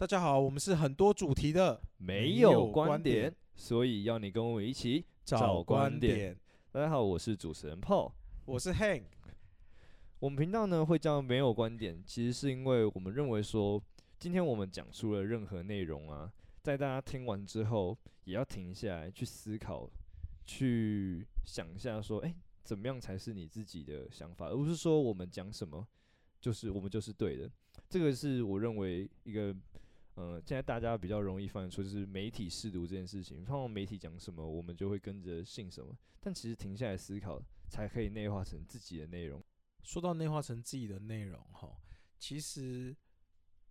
大家好，我們是很多主題的沒有觀點，你有觀點，所以要你跟我一起找觀點。找觀點。大家好，我是主持人 Paul，我是 Hank，我們頻道呢會叫沒有觀點，其實是因為我們認為說，今天我們講出了任何內容啊，在大家聽完之後，也要停下來去思考，去想一下說，誒，怎麼樣才是你自己的想法，而不是說我們講什麼就是我們就是對的。這個是我認為一個。嗯，現在大家比較容易犯錯，就是媒體試讀這件事情。然後媒體講什麼，我們就會跟着信什麼。但其實停下來思考，才可以內化成自己的內容。說到內化成自己的內容，哈，其實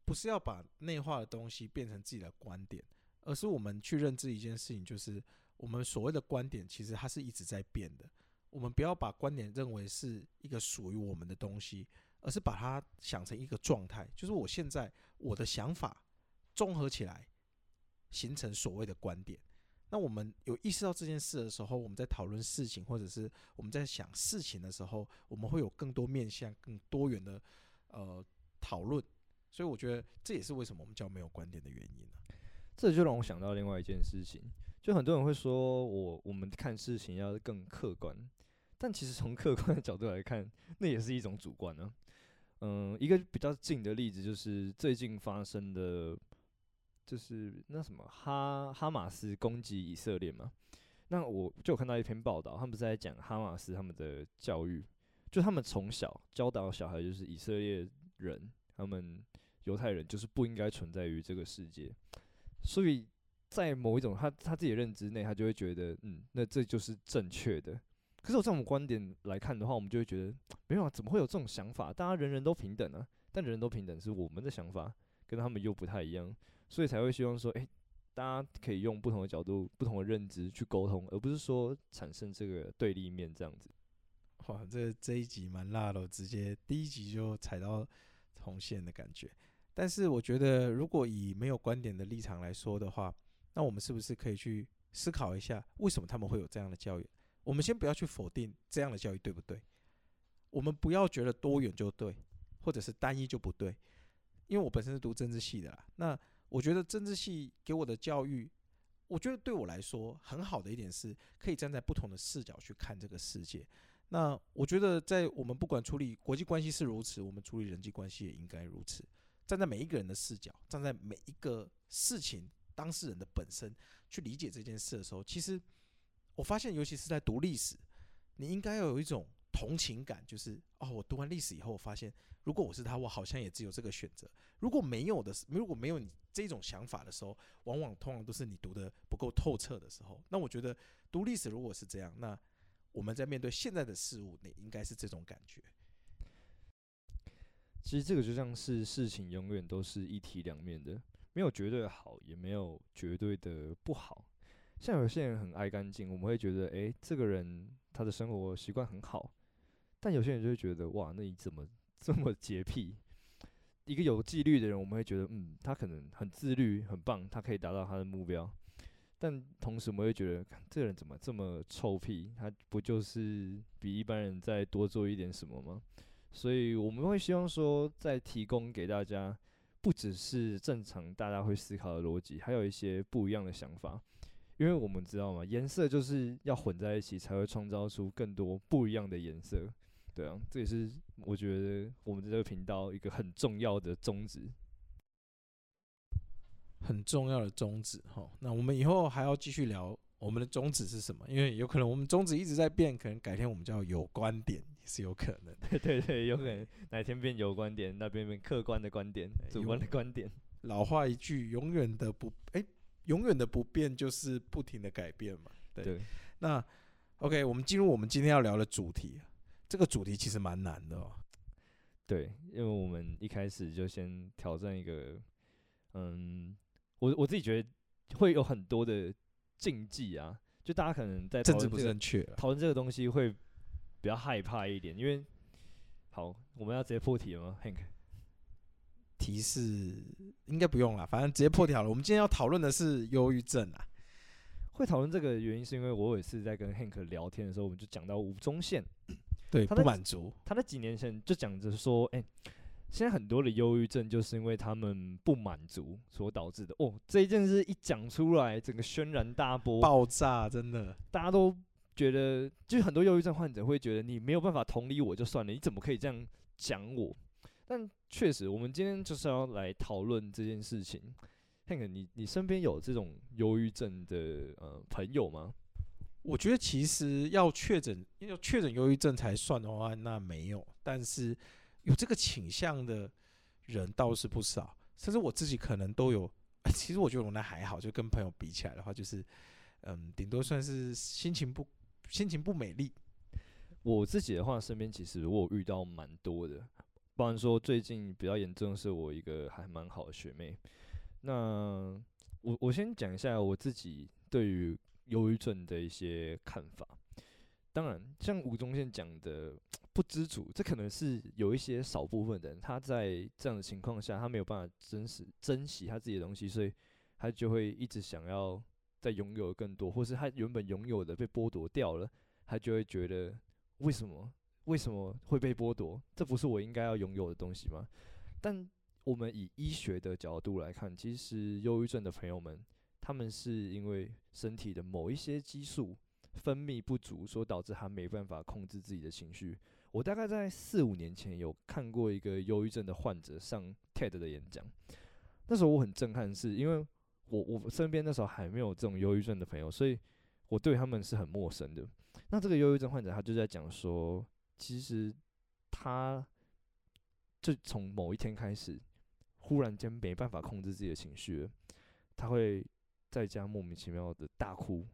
不是要把內化的東西變成自己的觀點，而是我們去認知一件事情，就是我們所謂的觀點，其實它是一直在變的。我們不要把觀點認為是一個屬於我們的東西，而是把它想成一個狀態，就是我現在我的想法，綜合起來，形成所謂的觀點。那我們有意識到這件事的時候，我們在討論事情，或者是我們在想事情的時候，我們會有更多面向、更多元的呃討論。所以我覺得這也是為什麼我們叫沒有觀點的原因啊。這就讓我想到另外一件事情，就很多人會說我我們看事情要更客觀，但其實從客觀的角度來看，那也是一種主觀呢啊。嗯，一個比較近的例子就是最近發生的。就是那什麼哈哈馬斯攻擊以色列嘛？那我就看到一篇報道，他們不是在講哈馬斯他們的教育，就他們從小教導小孩就是以色列人，他們猶太人就是不應該存在於這個世界，所以在某一種他他自己的認知內，他就會覺得嗯，那這就是正確的。可是我這種觀點來看的話，我們就會覺得沒有啊，怎麼會有這種想法？大家人人都平等啊，但人人都平等是我們的想法，跟他們又不太一樣。所以才會希望說，誒、欸，大家可以用不同的角度、不同的認知去溝通，而不是說產生這個對立面這樣子。哇，這個、這一集蠻辣的，我直接第一集就踩到紅線的感覺。但是我覺得，如果以沒有觀點的立場來說的話，那我們是不是可以去思考一下，為什麼他們會有這樣的教育？我們先不要去否定這樣的教育對不對？我們不要覺得多元就對，或者是單一就不對。因為我本身是讀政治系的啦，那。我覺得政治系給我的教育，我覺得對我來說很好的一點是，可以站在不同的視角去看這個世界。那我覺得，在我們不管處理國際關係是如此，我們處理人際關係也應該如此。站在每一個人的視角，站在每一個事情當事人的本身去理解這件事的時候，其實我發現，尤其是在讀歷史，你應該要有一種。同情感就是哦，我讀完歷史以後，我發現，如果我是他，我好像也只有這個選擇。如果沒有的時，如果沒有你這種想法的時候，往往通常都是你讀的不夠透徹的時候。那我覺得讀歷史如果是這樣，那我們在面對現在的事物，你應該是這種感覺。其實這個就像是事情永遠都是一體兩面的，沒有絕對的好，也沒有絕對的不好。像有些人很愛乾淨，我們會覺得，哎，這個人他的生活習慣很好。但有些人就會覺得，哇，那你怎麼這麼潔癖？一個有紀律的人，我們會覺得，嗯，他可能很自律，很棒，他可以達到他的目標。但同時，我們會覺得，這個人怎麼這麼臭屁？他不就是比一般人再多做一點什麼嗎？所以，我們會希望說，再提供給大家不只是正常大家會思考的邏輯，還有一些不一樣的想法。因為我們知道嘛，顏色就是要混在一起，才會創造出更多不一樣的顏色。對啊，這也是我覺得我們這個頻道一個很重要的宗旨，很重要的宗旨。哈，那我們以後還要繼續聊我們的宗旨是什麼？因為有可能我們宗旨一直在變，可能改天我們叫有觀點也是有可能。 對對對，有可能哪天變有觀點，那邊變客觀的觀點，主觀的觀點。老話一句，永遠的不哎，永遠的不變就是不停的改變嘛。對，對那 OK，我們進入我們今天要聊的主題。這個主題其實蠻難的，哦嗯，對，因為我們一開始就先挑戰一個，嗯，我我自己覺得會有很多的禁忌啊，就大家可能在討論這個政治不正確，討論這個東西會比較害怕一點。因為好，我們要直接破題了嗎？Hank，提示應該不用了，反正直接破題好了。我們今天要討論的是憂鬱症啊。會討論這個原因是因為我也是在跟 Hank 聊天的時候，我們就講到吳宗憲。對，他的不滿足。他在幾年前就講着說，哎、欸，現在很多的憂鬱症就是因為他們不滿足所導致的。哦，這一件事一講出來，整個軒然大波，爆炸，真的，大家都覺得，就是很多憂鬱症患者會覺得，你沒有辦法同理我就算了，你怎麼可以這樣講我？但確實，我們今天就是要來討論這件事情。Hank，你，你身邊有這種憂鬱症的呃朋友嗎？我覺得其實要確診，因為要確診憂鬱症才算的話，那沒有。但是有這個傾向的人倒是不少，甚至我自己可能都有。其實我覺得我那還好，就跟朋友比起來的話，就是嗯，頂多算是心情不，心情不美麗。我自己的話，身邊其實我有遇到蠻多的。不然說最近比較嚴重是我一個還蠻好的學妹。那我我先講一下我自己對於。憂鬱症的一些看法，當然，像吳宗憲講的不知足，這可能是有一些少部分人，他在這樣的情況下，他沒有辦法真實珍惜他自己的東西，所以他就會一直想要再擁有更多，或是他原本擁有的被剝奪掉了，他就會覺得為什麼為什麼會被剝奪？這不是我應該要擁有的東西嗎？但我們以醫學的角度來看，其實憂鬱症的朋友們。他們是因為身體的某一些激素分泌不足，所以導致他沒辦法控制自己的情緒。我大概在四五年前有看過一個憂鬱症的患者上 TED 的演講，那時候我很震撼的是，是因為我我身邊那時候還沒有這種憂鬱症的朋友，所以我對他們是很陌生的。那這個憂鬱症患者他就在講說，其實他就從某一天開始，忽然間沒辦法控制自己的情緒了，他會，在家莫名其妙的大哭，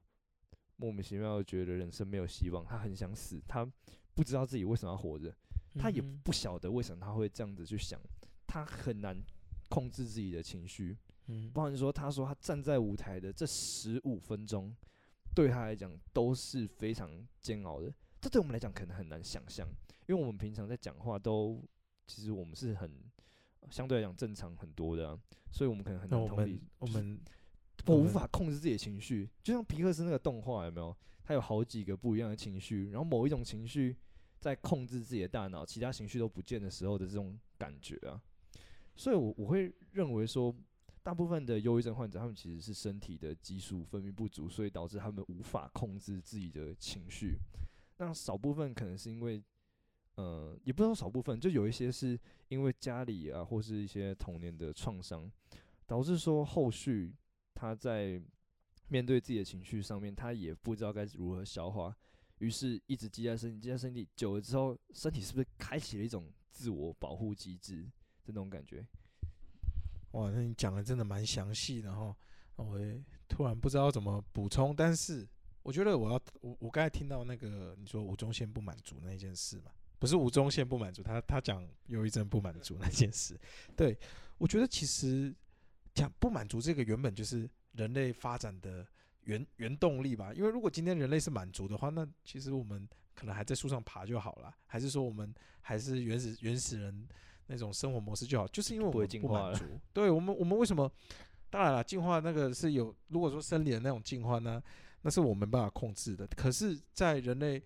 莫名其妙的覺得人生沒有希望，他很想死，他不知道自己為什麼要活着，他也不曉得為什麼他會這樣子去想，他很難控制自己的情緒。嗯，包括說，他說他站在舞台的這十五分鐘，對他來講都是非常煎熬的。這對我們來講可能很難想象，因為我們平常在講話都其實我們是很相對來講正常很多的、啊，所以我們可能很難同理我、就是。我們。我無法控制自己的情緒，就像皮克斯那個動畫有沒有？它有好幾個不一樣的情緒，然後某一種情緒在控制自己的大腦，其他情緒都不見的時候的這種感覺啊。所以我，我我會認為說，大部分的憂鬱症患者，他們其實是身體的激素分泌不足，所以導致他們無法控制自己的情緒。那少部分可能是因為，呃，也不算少部分，就有一些是因為家裡啊，或是一些童年的創傷，導致說後續。他在面對自己的情緒上面，他也不知道該如何消化，於是一直積壓身體，積壓身體久了之後，身體是不是開啟了一種自我保護機制？這種感覺。哇，那你講的真的蠻詳細的，然後我突然不知道怎麼補充，但是我覺得我要我我剛才聽到那個你說吳宗憲不滿足那件事嘛，不是吳宗憲不滿足，他他講憂鬱症不滿足那件事， 對我覺得其實。講不滿足這個原本就是人類發展的原原動力吧，因為如果今天人類是滿足的話，那其實我們可能還在樹上爬就好了，還是說我們還是原始原始人那種生活模式就好，就是因為我們不滿足。不會進化了。對，我們，我們為什麼？當然了，進化那個是有，如果說生理的那種進化呢，那是我沒辦法控制的。可是，在人類，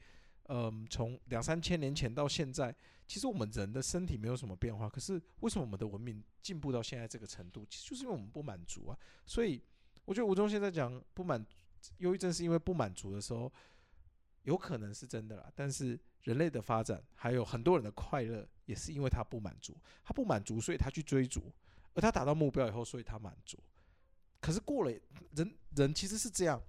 嗯，從兩三千年前到現在。其實我們人的身體，沒有什麼變化，可是為什麼我們的文明進步到現在這個程度？其實就是因為我們不滿足啊。所以我覺得吳宗憲在講不滿，憂鬱症是因為不滿足的時候，有可能是真的啦。但是人類的發展，還有很多人的快樂，也是因為他不滿足，他不滿足，所以他去追逐，而他達到目標以後，所以他滿足。可是過了人，人人其實是這樣。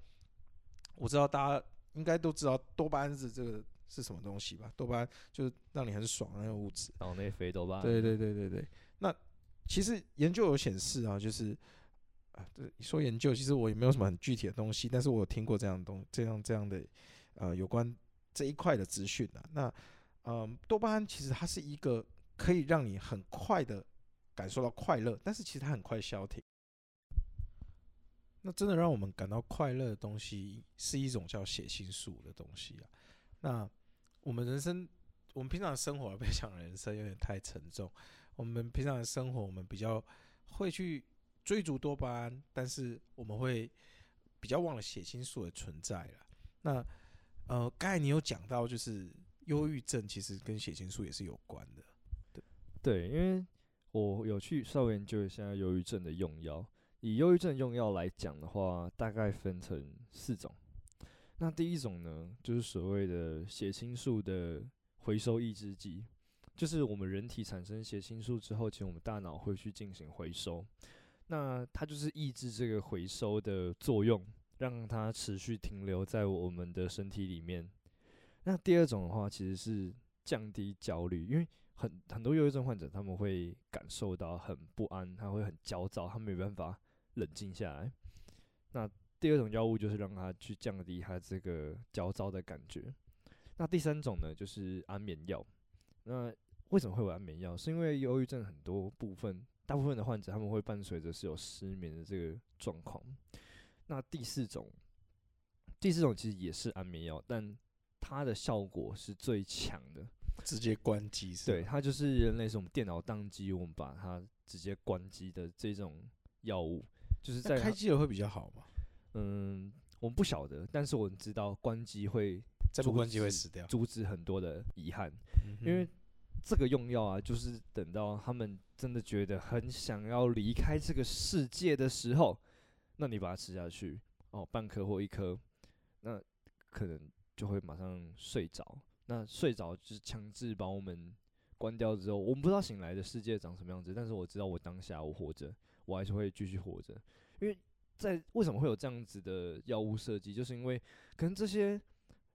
我知道大家應該都知道，多巴胺是這個。是什麼東西吧？多巴胺就是讓你很爽的那個物質，腦內啡多巴胺。對對對對對。那其實研究有顯示啊，就是啊，這說研究，其實我也沒有什麼很具體的東西，但是我有聽過這樣的東，這樣這樣的，呃，有關這一塊的資訊的。那嗯、呃，多巴胺其實它是一個可以讓你很快的感受到快樂，但是其實它很快消停。那真的讓我們感到快樂的東西是一種叫血清素的東西啊。那我們人生，我們平常生活不要講人生，有點太沉重。我們平常的生活，我們比較會去追逐多巴胺，但是我們會比較忘了血清素的存在了。那呃，剛才你有講到，就是憂鬱症其實跟血清素也是有關的。對，對，因為我有去稍微研究一下憂鬱症的用藥。以憂鬱症用藥來講的話，大概分成四種。那第一種呢，就是所謂的血清素的回收抑制劑，就是我們人體產生血清素之後，其實我們大腦會去進行回收，那它就是抑制這個回收的作用，讓它持續停留在我們的身體裡面。那第二種的話，其實是降低焦慮，因為很很多憂鬱症患者他們會感受到很不安，他會很焦躁，他沒辦法冷靜下來。那第二種藥物就是讓它去降低它這個焦躁的感覺。那第三種呢，就是安眠藥。那為什麼會有安眠藥？是因為憂鬱症很多部分，大部分的患者他們會伴隨着是有失眠的這個狀況。那第四種，第四種其實也是安眠藥，但它的效果是最強的，直接關機是嗎？對，它就是類似我們電腦的當機，我們把它直接關機的這種藥物，就是在開機了會比較好吧。嗯，我們不曉得，但是我們知道關機會，在，不關機會死掉，阻止很多的遺憾，嗯。因為這個用藥啊，就是等到他們真的覺得很想要離開這個世界的時候，那你把它吃下去，哦，半顆或一顆，那可能就會馬上睡着。那睡着就是強制把我們關掉之後，我們不知道醒來的世界長什麼樣子，但是我知道我當下我活着，我還是會繼續活着，因為。在為什麼會有這樣子的藥物設計？就是因為可能這些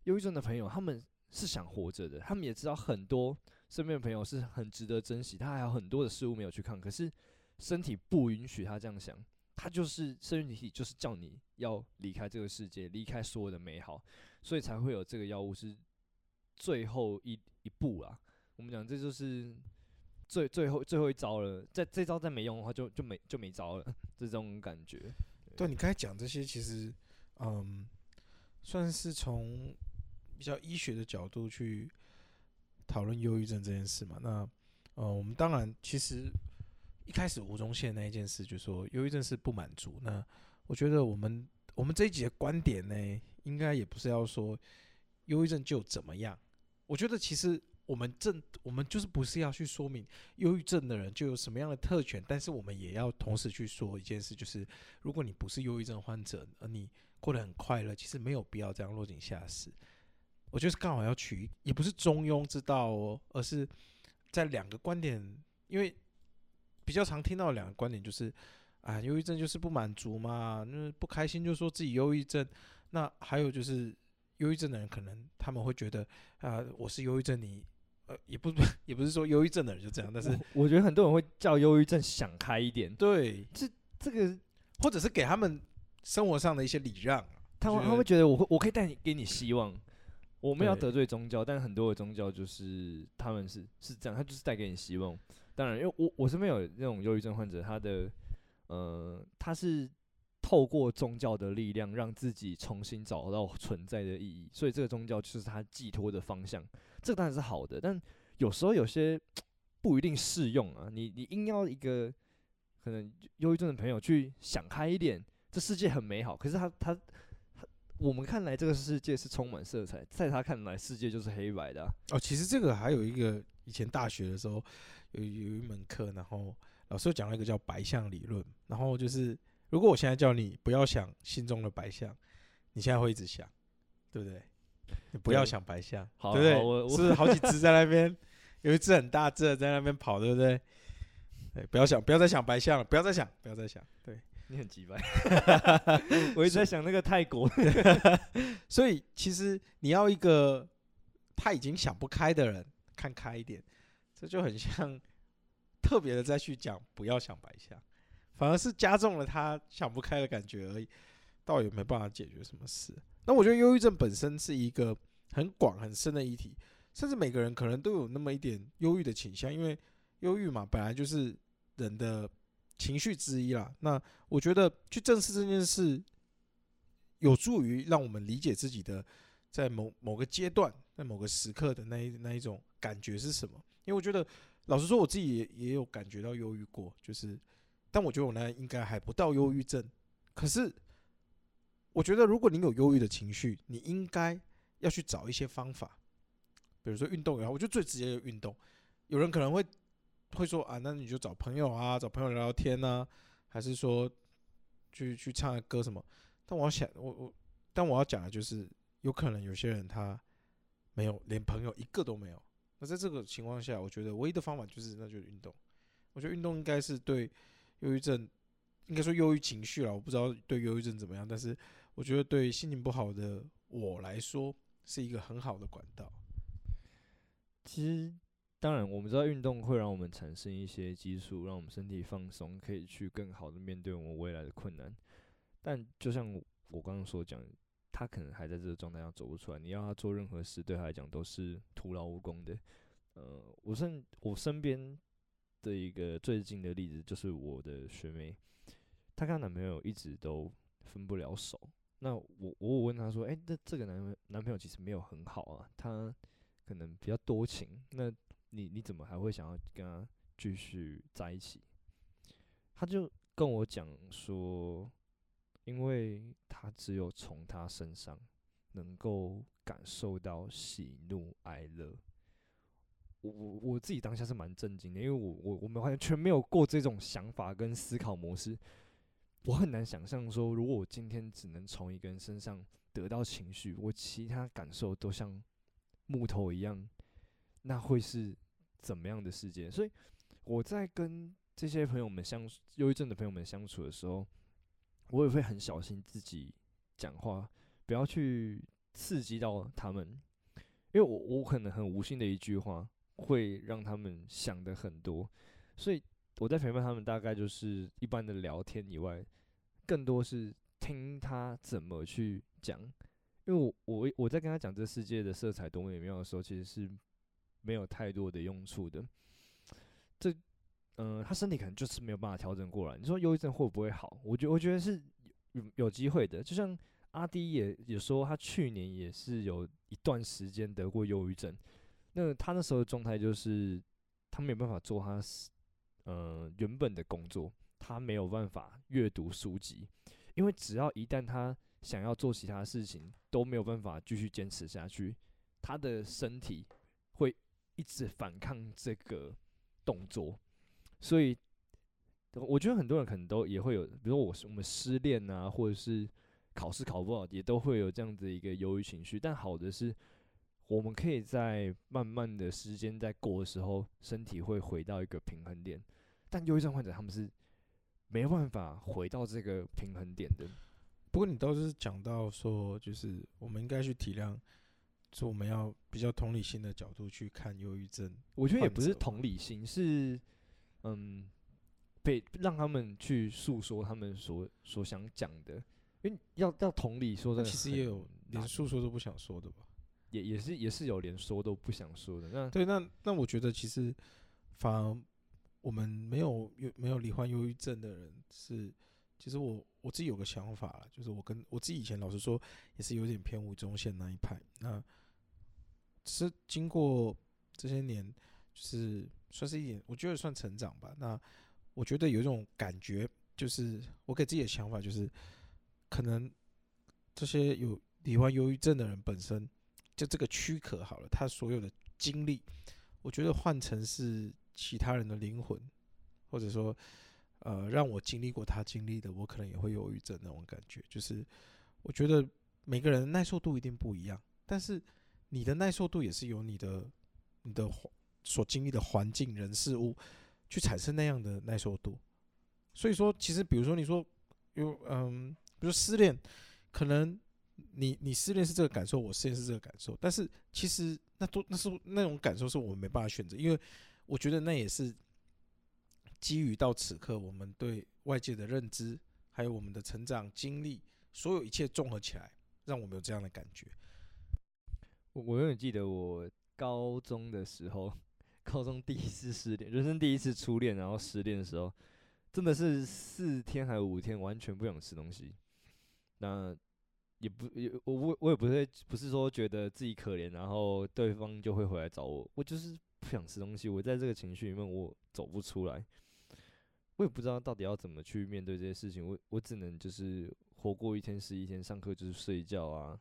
憂鬱症的朋友，他們是想活着的，他們也知道很多身邊的朋友是很值得珍惜，他還有很多的事物沒有去看，可是身體不允許他這樣想，他就是身體就是叫你要離開這個世界，離開所有的美好，所以才會有這個藥物是最後一一步啦。我們講這就是最最後最後一招了，在這招再沒用的話就，就就沒就沒招了，這種感覺。對，你剛才講這些，其實，嗯，算是從比較醫學的角度去討論憂鬱症這件事嘛。那，呃、嗯，我們當然其實一開始吳宗憲那一件事就是說憂鬱症是不滿足。那我覺得我們我們這一集的觀點呢，應該也不是要說憂鬱症就怎麼樣。我覺得其實。我們正，我們就是不是要去說明憂鬱症的人就有什麼樣的特權，但是我們也要同時去說一件事，就是如果你不是憂鬱症患者，而你過得很快樂，其實沒有必要這樣落井下石。我就是剛好要取，也不是中庸之道哦，而是在兩個觀點，因為比較常聽到兩個觀點就是啊，憂鬱症就是不滿足嘛，那不開心就說自己憂鬱症。那還有就是憂鬱症的人可能他們會覺得啊，我是憂鬱症，你。呃，也不也不是說憂鬱症的人就這樣，但是我，我覺得很多人會叫憂鬱症想開一點。對，這這個或者是給他們生活上的一些禮讓，他會他會覺得我會我可以帶你給你希望。我沒有要得罪宗教，但很多的宗教就是他們是是這樣，他就是帶給你希望。當然，因為我我身邊有那種憂鬱症患者，他的呃他是透過宗教的力量讓自己重新找到存在的意義，所以這個宗教就是他寄託的方向。這個當然是好的，但有時候有些不一定適用啊。你你硬要一個可能憂鬱症的朋友去想開一點，這世界很美好。可是他他他，我們看來這個世界是充滿色彩，在他看來世界就是黑白的啊。哦，其實這個還有一個以前大學的時候有有一門課，然後老師講了一個叫白象理論。然後就是如果我現在叫你不要想心中的白象，你現在會一直想，對不對？你不要想白象，對，對，好、啊、好對，對我，我，是好幾隻在那邊， 有一隻很大隻的在那邊跑，對不對？對，不要想，不要再想白象了，不要再想，不要再想。對你很急吧？ 我一直在想那個泰國所， 所以其實你要一個他已經想不開的人，看開一點，這就很像特別的再去講不要想白象，反而是加重了他想不開的感覺而已，倒也沒辦法解決什麼事。那我覺得憂鬱症本身是一個很廣很深的議題，甚至每個人可能都有那麼一點憂鬱的傾向，因為憂鬱嘛，本來就是人的情緒之一啦。那我覺得去正視這件事，有助於讓我們理解自己的在某某個階段，在某個時刻的那一那一種感覺是什麼。因為我覺得，老實說，我自己也也有感覺到憂鬱過，就是，但我覺得我呢應該還不到憂鬱症，可是。我覺得，如果你有憂鬱的情緒，你應該要去找一些方法，比如說運動也好。我覺得最直接的運動，有人可能會會說啊，那你就找朋友啊，找朋友聊聊天啊，還是說去去唱歌什麼？但我想，我我但我要講的就是，有可能有些人他沒有連朋友一個都沒有。那在這個情況下，我覺得唯一的方法就是那就是運動。我覺得運動應該是對憂鬱症，應該說憂鬱情緒啦，我不知道對憂鬱症怎麼樣，但是。我覺得對於心情不好的我來說是一個很好的管道。其實，當然我們知道運動會讓我們產生一些激素，讓我們身體放鬆，可以去更好的面對我們未來的困難。但就像我剛剛所講，他可能還在這個狀態下走不出來，你要他做任何事，對他來講都是徒勞無功的。呃，我身我身邊的一個最近的例子就是我的學妹，她跟她男朋友一直都分不了手。那我我問他說：“哎、欸，那這個男男朋友其實沒有很好啊，他可能比較多情。那你你怎麼還會想要跟他繼續在一起？”他就跟我講說：“因為他只有從他身上能夠感受到喜怒哀樂。”我我我自己當下是蠻震驚的，因為我我我們完全沒有過這種想法跟思考模式。我很難想象說，如果我今天只能從一個人身上得到情緒，我其他感受都像木頭一樣，那會是怎麼樣的世界？所以我在跟這些朋友們相，憂鬱症的朋友們相處的時候，我也會很小心自己講話，不要去刺激到他們，因為我我可能很無心的一句話，會讓他們想得很多。所以我在陪伴他們，大概就是一般的聊天以外。更多是聽他怎麼去講，因為我我我在跟他講這世界的色彩多麼美妙的時候，其實是沒有太多的用處的。這，嗯、呃，他身體可能就是沒有辦法調整過來。你說憂鬱症會不會好？我覺得我覺得是有有機會的。就像阿滴也也說，他去年也是有一段時間得過憂鬱症，那他那時候的狀態就是他沒有辦法做他呃原本的工作。他沒有辦法閱讀書籍，因為只要一旦他想要做其他事情，都沒有辦法繼續堅持下去。他的身體會一直反抗這個動作，所以我覺得很多人可能都也會有，比如我我們失戀啊，或者是考試考不好，也都會有這樣子一個憂鬱情緒。但好的是，我們可以在慢慢的時間在過的時候，身體會回到一個平衡點。但憂鬱症患者他們是。沒辦法回到這個平衡點的。不過你倒是講到說，就是我們應該去體諒，說我們要比較同理心的角度去看憂鬱症。我覺得也不是同理心，是嗯，被讓他們去訴說他們所所想講的。因為要要同理說的，其實也有連訴說都不想說的吧？也也是也是有連說都不想說的。那對，那那我覺得其實反而。我們沒有有沒有罹患憂鬱症的人是，其實我我自己有個想法啦，就是我跟我自己以前老實說也是有點偏吳宗憲那一派。那是經過這些年，就是算是一點，我覺得算成長吧。那我覺得有一種感覺，就是我給自己的想法就是，可能這些有罹患憂鬱症的人本身，就這個軀殼好了，他所有的經歷，我覺得換成是。其他人的靈魂，或者說，呃，讓我經歷過他經歷的，我可能也會憂鬱症那種感覺。就是我覺得每個人的耐受度一定不一樣，但是你的耐受度也是由你的你的所經歷的環境、人事物去產生那樣的耐受度。所以說，其實比如說你說有嗯、呃，比如失戀，可能你你失戀是這個感受，我失戀是這個感受，但是其實那都那是那種感受是我們沒辦法選擇，因為。我覺得那也是基於到此刻我們對外界的認知，還有我們的成長經歷，所有一切綜合起來，讓我們有這樣的感覺。我我永遠記得我高中的時候，高中第一次失戀，人生第一次初戀，然後失戀的時候，真的是四天還是五天，完全不想吃東西。那也不也我我我也不會，不是說覺得自己可憐，然後對方就會回來找我，我就是。不想吃東西，我在這個情緒裡面，我走不出來。我也不知道到底要怎麼去面對這些事情，我我只能就是活過一天是一天，上課就是睡覺啊，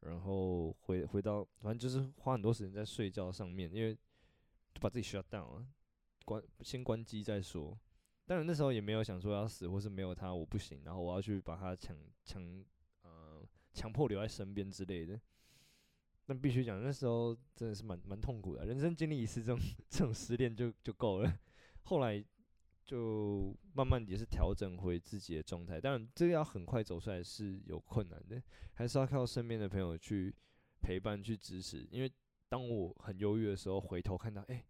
然後回回到，反正就是花很多時間在睡覺上面，因為就把自己 shut down 啊，關，先關機再說。當然那時候也沒有想說要死，或是沒有他我不行，然後我要去把他強強呃強迫留在身邊之類的。那必須講，那時候真的是蠻蠻痛苦的啊。人生經歷一次這種這種失戀就就夠了。後來就慢慢也是調整回自己的狀態，當然這個要很快走出來是有困難的，還是要靠身邊的朋友去陪伴、去支持。因為當我很憂鬱的時候，回頭看到誒、欸，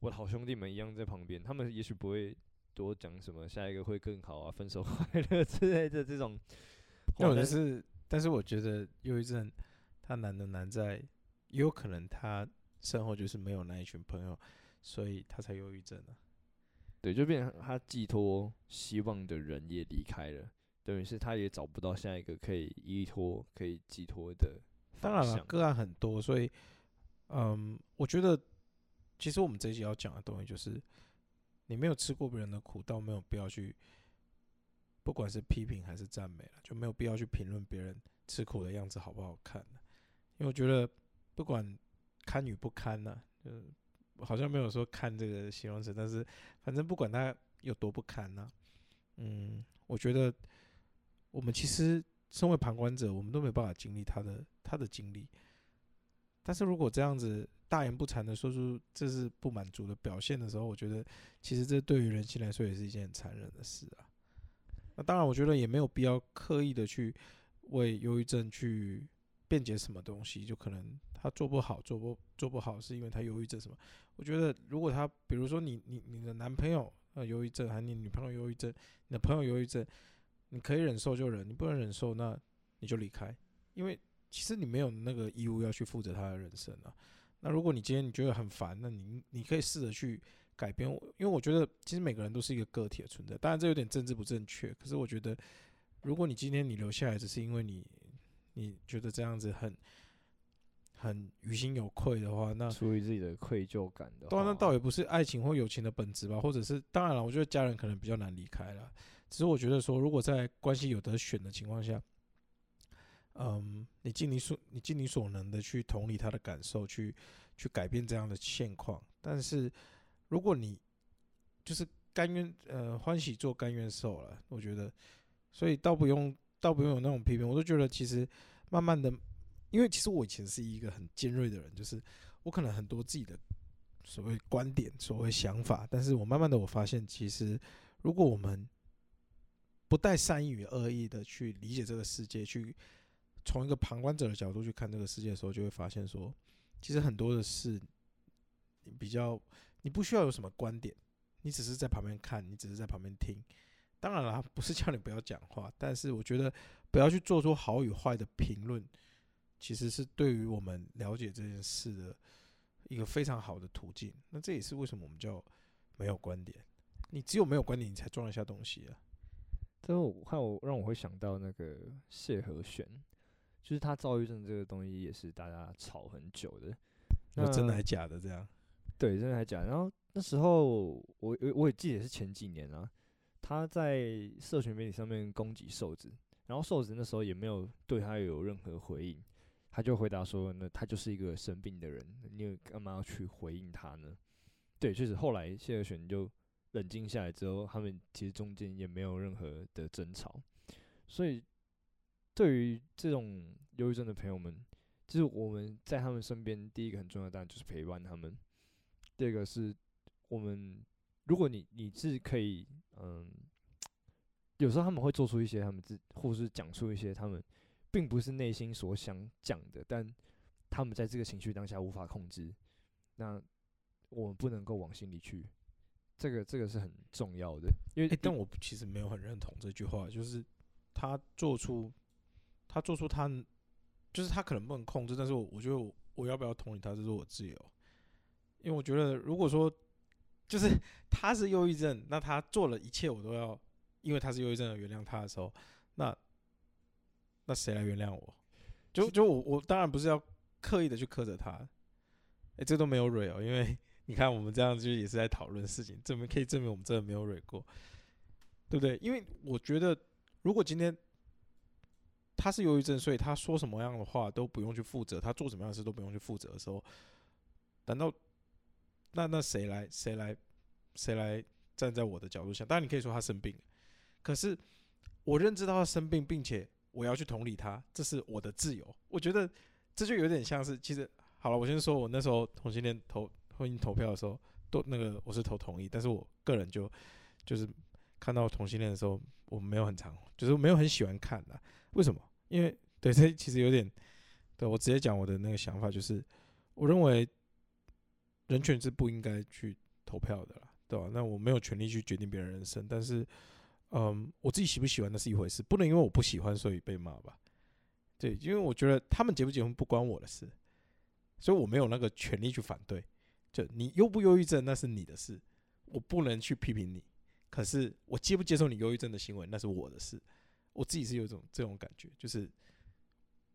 我的好兄弟們一樣在旁邊，他們也許不會多講什麼“下一個會更好啊，分手快樂”之類的這種。但問、就是但，但是我覺得憂鬱症。他難的難在，也有可能他身後就是沒有那一群朋友，所以他才憂鬱症了啊。對，就變成他寄托希望的人也離開了，等於是他也找不到下一個可以依托、可以寄托的。當然了，個案很多，所以，嗯，我覺得其實我們這一集要講的東西就是，你沒有吃過別人的苦，倒沒有必要去，不管是批評還是讚美了，就沒有必要去評論別人吃苦的樣子好不好看。因為我覺得，不管堪與不堪呢、啊，就好像沒有說“看”這個形容詞，但是反正不管他有多不堪呢、啊，嗯，我覺得我們其實身為旁觀者，我們都沒辦法經歷他的他的經歷。但是如果這樣子大言不慚的說出這是不滿足的表現的時候，我覺得其實這對於人性來說也是一件很殘忍的事啊。那當然，我覺得也沒有必要刻意的去為憂鬱症去。辯解什麼東西，就可能他做不好，做不做不好是因為他憂鬱症什麼？我覺得，如果他，比如說你你你的男朋友呃憂鬱症，還你女朋友憂鬱症，你的朋友憂鬱症，你可以忍受就忍，你不能忍受那你就離開，因為其實你沒有那個義務要去負責他的人生啊。那如果你今天你覺得很煩，那你你可以試着去改變我，因為我覺得其實每個人都是一個個體的存在，當然這有點政治不正確，可是我覺得，如果你今天你留下來只是因為你。你覺得這樣子很很於心有愧的話，那出於自己的愧疚感的話，當然，那倒也不是愛情或友情的本質吧，或者是當然了，我覺得家人可能比較難離開了。只是我覺得說，如果在關係有得選的情況下，嗯，你盡你所你盡你所能的去同理他的感受，去去改變這樣的現況。但是如果你就是甘願呃歡喜做甘願受了，我覺得，所以倒不用。倒不用有那種批評，我都覺得其實慢慢的，因為其實我以前是一個很尖銳的人，就是我可能很多自己的所謂觀點、所謂想法，但是我慢慢的我發現，其實如果我們不帶善意與惡意的去理解這個世界，去從一個旁觀者的角度去看這個世界的時候，就會發現說，其實很多的事你比較，你不需要有什麼觀點，你只是在旁邊看，你只是在旁邊聽。當然啦，不是叫你不要講話，但是我覺得不要去做出好與壞的評論，其實是對於我們了解這件事的一個非常好的途徑。那這也是為什麼我們叫沒有觀點，你只有沒有觀點，你才裝得下東西啊。這還有讓我會想到那個謝和弦，就是他躁鬱症這個東西也是大家吵很久的。那真的還假的？這樣？對，真的還假的。然後那時候我我我也記得是前幾年啊。他在社群媒體上面攻擊瘦子，然後瘦子那時候也沒有對他有任何回應，他就回答說：“那他就是一個生病的人，你幹嘛要去回應他呢？”對，確實，後來謝和弦就冷靜下來之後，他們其實中間也沒有任何的爭吵。所以，對於這種憂鬱症的朋友們，就是我們在他們身邊，第一個很重要的當然就是陪伴他們，第二個是我們。如果你你是可以，嗯，有時候他們會做出一些他們自，或是講出一些他們並不是內心所想講的，但他們在這個情緒當下無法控制，那我們不能夠往心裡去，這個這個是很重要的，因為、欸、但我其實沒有很認同這句話，就是他做出他做出他，就是他可能不能控制，但是我我覺得我我要不要同意他，這是我自由。因為我覺得如果說，就是他是憂鬱症，那他做了一切，我都要因為他是憂鬱症而原諒他的時候，那那誰來原諒我？就就我我當然不是要刻意的去苛責他，哎、欸，這都沒有蕊哦，因為你看我們這樣就也是在討論事情，證明可以證明我們真的沒有蕊過，對不對？因為我覺得如果今天他是憂鬱症，所以他說什麼樣的話都不用去負責，他做什麼樣的事都不用去負責的時候，難道？那那誰來誰來，誰來站在我的角度想？當然你可以說他生病，可是我認知到他生病，並且我要去同理他，這是我的自由。我覺得這就有點像是，其實好了，我先說我那時候同性戀投婚姻投票的時候，都那個我是投同意，但是我個人就就是看到同性戀的時候，我沒有很常，就是沒有很喜歡看的。為什麼？因為對這其實有點，對我直接講我的那個想法就是，我認為。人權是不應該去投票的啦，對吧？那我沒有權利去決定別人人生，但是，嗯，我自己喜不喜歡那是一回事，不能因為我不喜歡所以被罵吧？對，因為我覺得他們結不結婚不關我的事，所以我沒有那個權利去反對。就你憂不憂鬱症那是你的事，我不能去批評你。可是我接不接受你憂鬱症的行為那是我的事，我自己是有一種這種感覺，就是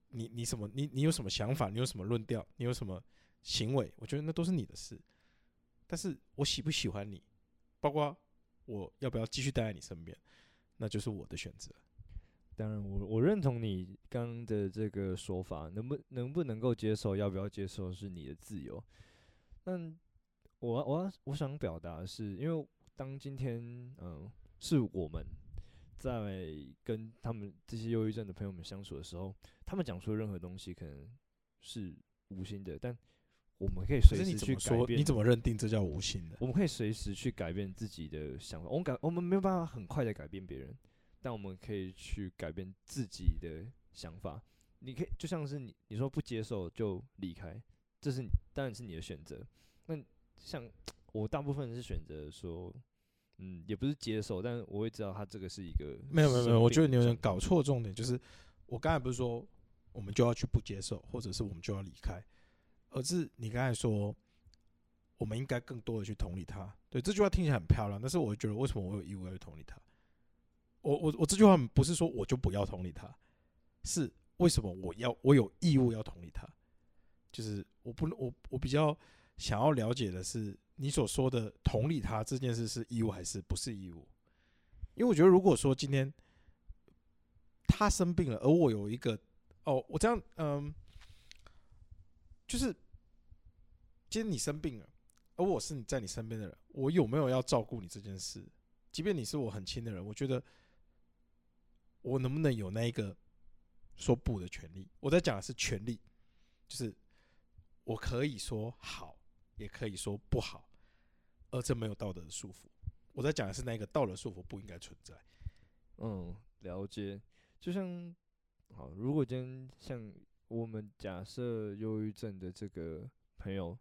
你你什麼你你有什麼想法，你有什麼論調，你有什麼？行為，我覺得那都是你的事，但是我喜不喜歡你，包括我要不要繼續待在你身邊，那就是我的選擇。當然，我我認同你剛剛的這個說法，能不能不能夠接受，要不要接受是你的自由。那我我我想表達的是因為當今天嗯，是我們在跟他們這些憂鬱症的朋友們相處的時候，他們講出的任何東西可能是無心的，但我們可以隨時去改變，可是你說改變，你怎麼認定這叫無心的？我們可以隨時去改變自己的想法。我們改，我們沒有辦法很快的改變別人，但我們可以去改變自己的想法。你可以，就像是你，你說不接受就離開，這是你，當然是你的選擇。那像我大部分是選擇說，嗯，也不是接受，但我會知道他這個是一個沒有沒有沒有。我覺得你有點搞錯重點，就是、嗯、我剛才不是說我們就要去不接受，或者是我們就要離開。而是你剛才說，我們應該更多的去同理他。對，這句話聽起來很漂亮，但是我覺得為什麼我有義務要去同理他？我我我這句話不是說我就不要同理他，是為什麼我要，我有義務要同理他？就是我不我我比較想要了解的是，你所說的同理他這件事是義務還是不是義務？因為我覺得如果說今天他生病了，而我有一個，哦，我這樣嗯，就是。今天你生病了，而我是你在你身邊的人，我有沒有要照顧你這件事？即便你是我很親的人，我覺得我能不能有那一個說不的權利？我在講的是權利，就是我可以說好，也可以說不好，而這沒有道德的束縛。我在講的是那個道德束縛不應該存在。嗯，了解。就像好，如果今天像我們假設憂鬱症的這個朋友。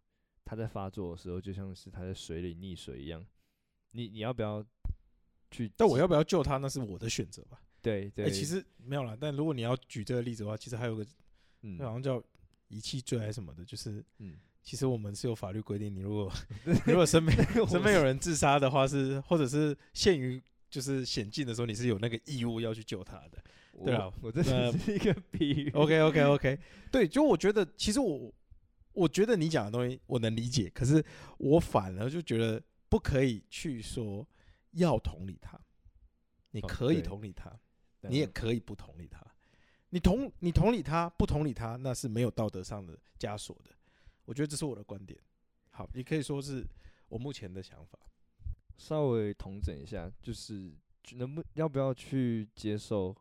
他在發作的時候，就像是他在水裡溺水一樣。你你要不要去？但我要不要救他，那是我的選擇吧。對，對，欸、其實沒有啦。但如果你要舉這個例子的話，其實還有個，嗯，那好像叫遺棄罪還是什麼的，就是，嗯，其實我們是有法律規定，你如果、嗯、如果身邊 身邊有人自殺的話是，是或者是陷於就是險境的時候，你是有那個義務要去救他的，對啊我這,這是一個比喻。OK OK OK， 對，就我覺得，其實我。我覺得你講的東西我能理解，可是我反而就覺得不可以去說要同理他。你可以同理他，哦、你也可以不同理他。你同你同理他，不同理他，那是沒有道德上的枷鎖的。我覺得這是我的觀點。好，你可以說是我目前的想法。稍微統整一下，就是能不能不要去接受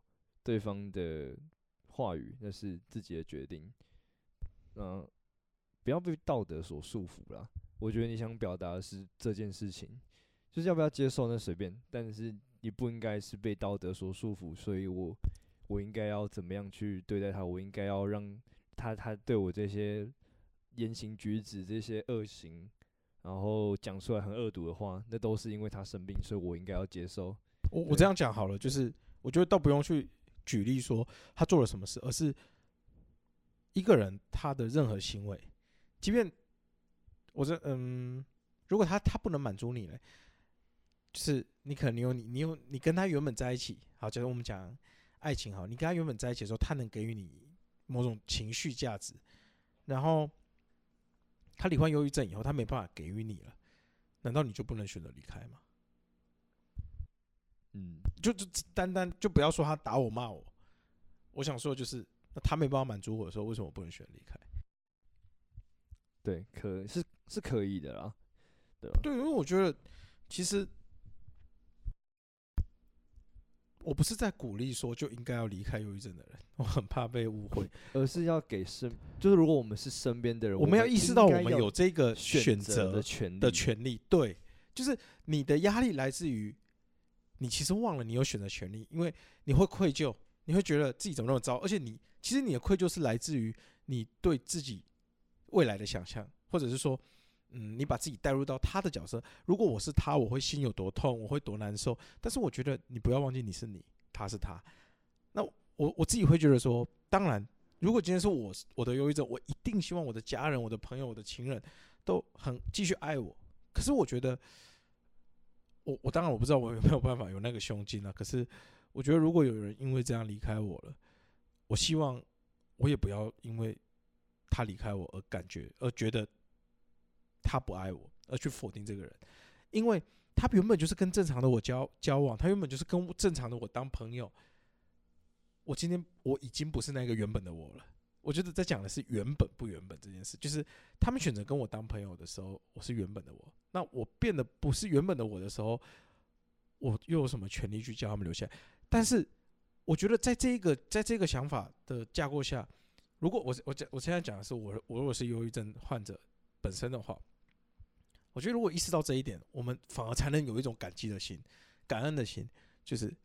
對方的話語，那是自己的決定。嗯。不要被道德所束縛了。我覺得你想表達的是這件事情，就是要不要接受那隨便，但是你不應該是被道德所束縛。所以我我應該要怎麼樣去對待他？我應該要讓他他對我這些言行舉止這些惡行，然後講出來很惡毒的話，那都是因為他生病，所以我應該要接受。我我這樣講好了，就是我覺得倒不用去舉例說他做了什麼事，而是一個人他的任何行為。即便我說嗯，如果他他不能滿足你呢，就是你可能你有你有你跟他原本在一起，好，假如我們講愛情哈，你跟他原本在一起的時候，他能給予你某種情緒價值，然後他罹患憂鬱症以後，他沒辦法給予你了，難道你就不能選擇離開嗎？嗯，就就單單就不要說他打我罵我，我想說就是，那他沒辦法滿足我的時候，為什麼我不能選擇離開？對，可是是可以的啦，對，對，因為我覺得，其實我不是在鼓勵說就應該要離開憂鬱症的人，我很怕被誤會，而是要給身，就是如果我們是身邊的人，我們要意識到我們有這個選擇的權的權利。對，就是你的壓力來自於你其實忘了你有選擇權利，因為你會愧疚，你會覺得自己怎麼那麼糟，而且你其實你的愧疚是來自於你對自己。未來的想象，或者是說，嗯，你把自己代入到他的角色，如果我是他，我會心有多痛，我會多難受。但是我覺得你不要忘記，你是你，他是他。那我我自己會覺得說，當然，如果今天是我我的憂鬱症，我一定希望我的家人、我的朋友、我的親人都很繼續愛我。可是我覺得，我我當然我不知道我有沒有辦法有那個胸襟了，可是我覺得，如果有人因為這樣離開我了，我希望我也不要因為。他離開我而感覺而覺得他不愛我而去否定這個人，因為他原本就是跟正常的我交交往，他原本就是跟正常的我當朋友。我今天我已經不是那個原本的我了，我覺得在講的是原本不原本這件事，就是他們選擇跟我當朋友的時候，我是原本的我，那我變得不是原本的我的時候，我又有什麼權利去叫他們留下？但是我覺得在這個在這個想法的架構下。如果我我講我現在講的是我我如果是憂鬱症患者本身的話，我覺得如果意識到這一點，我們反而才能有一種感激的心、感恩的心，就是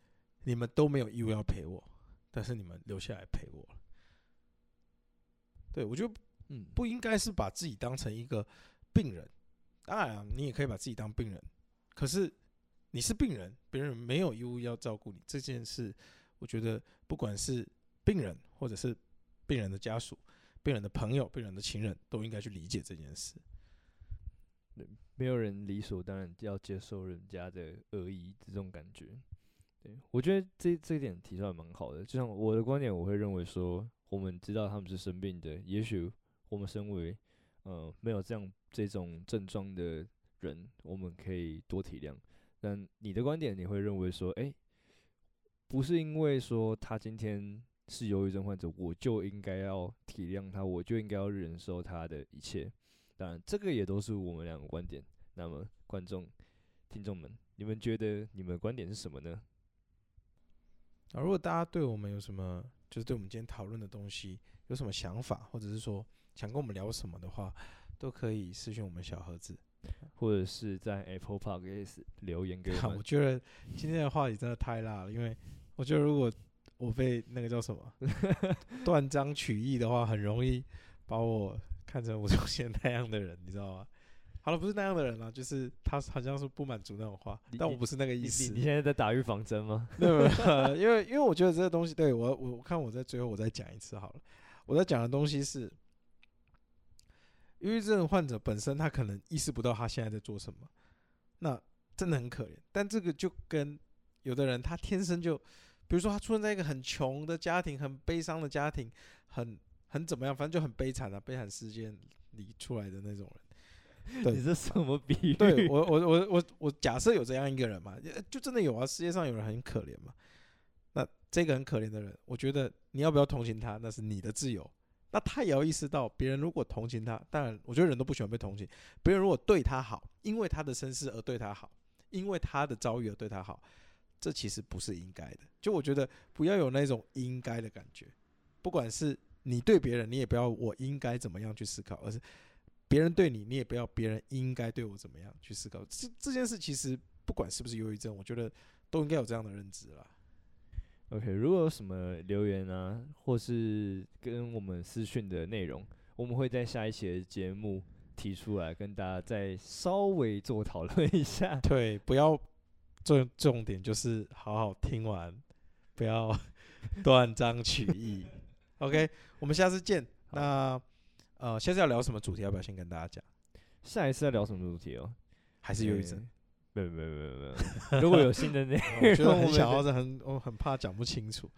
你們都沒有義務要陪我，但是你們留下來陪我。對，我覺得，嗯，不應該是把自己當成一個病人。當然，啊，你也可以把自己當病人，可是你是病人，別人沒有義務要照顧你這件事。我覺得不管是病人或者是。病人的家屬、病人的朋友、病人的情人都應該去理解這件事。沒沒有人理所當然要接受人家的惡意這種感覺。對，我覺得這這一點提出來蠻好的。就像我的觀點，我會認為說，我們知道他們是生病的，也許我們身為呃沒有這樣這種症狀的人，我們可以多體諒。但你的觀點，你會認為說，哎、欸，不是因為說他今天。是憂鬱症患者，我就應該要體諒他，我就應該要忍受他的一切。當然，這個也都是我們兩個觀點。那麼，觀眾、聽眾們，你們覺得你們的觀點是什麼呢？啊，如果大家對我們有什麼，就是對我們今天討論的東西有什麼想法，或者是說想跟我們聊什麼的話，都可以私信我們小盒子，或者是在 Apple Podcast 留言給我。啊，我覺得今天的話題真的太辣了，因為我覺得如果。我被那個叫什麼斷 章取義的話，很容易把我看成吳宗憲那樣的人，你知道嗎？好了，不是那樣的人啊，就是他好像是不滿足那種話，但我不是那個意思。你，你，你現在在打預防針嗎？對不對？因為因為我覺得這個東西，對我，我看我在最後我再講一次好了，我在講的東西是抑鬱症患者本身，他可能意識不到他現在在做什麼，那真的很可憐。但這個就跟有的人他天生就。比如說，他出生在一個很窮的家庭，很悲傷的家庭，很很怎麼樣，反正就很悲慘的、啊、悲慘世界裡出來的那種人。對，你這什麼比喻？對我，我，我，我，我，假設有這樣一個人嘛，就真的有啊，世界上有人很可憐嘛。那這個很可憐的人，我覺得你要不要同情他，那是你的自由。那他也要意識到，別人如果同情他，當然，我覺得人都不喜歡被同情。別人如果對他好，因為他的身世而對他好，因為他的遭遇而對他好。這其實不是應該的，就我覺得不要有那種應該的感覺，不管是你對別人，你也不要我應該怎麼樣去思考，而是別人對你，你也不要別人應該對我怎麼樣去思考。這這件事其實不管是不是憂鬱症，我覺得都應該有這樣的認知了。OK，如果有什麼留言啊，或是跟我們私訊的內容，我們會在下一期的節目提出來跟大家再稍微做討論一下。對，不要。重重點就是好好聽完，不要斷章取義。 OK，我們下次見。那呃，下次要聊什麼主題？要不要先跟大家講？下一次要聊什麼主題哦？還是有一次、欸、沒有沒有沒有沒有。 如果有新的內容 我，我很想要的，很我很怕講不清楚。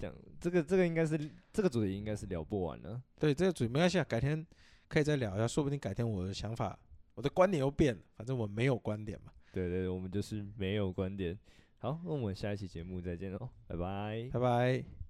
講這個這個應該是這個主題應該是聊不完了。對，這個主題沒關係，啊，改天可以再聊一下。說不定改天我的想法我的觀點又變了，反正我沒有觀點嘛。對，對對，我們就是沒有觀點。好，那我們下一期節目再見嘍，拜拜，拜拜。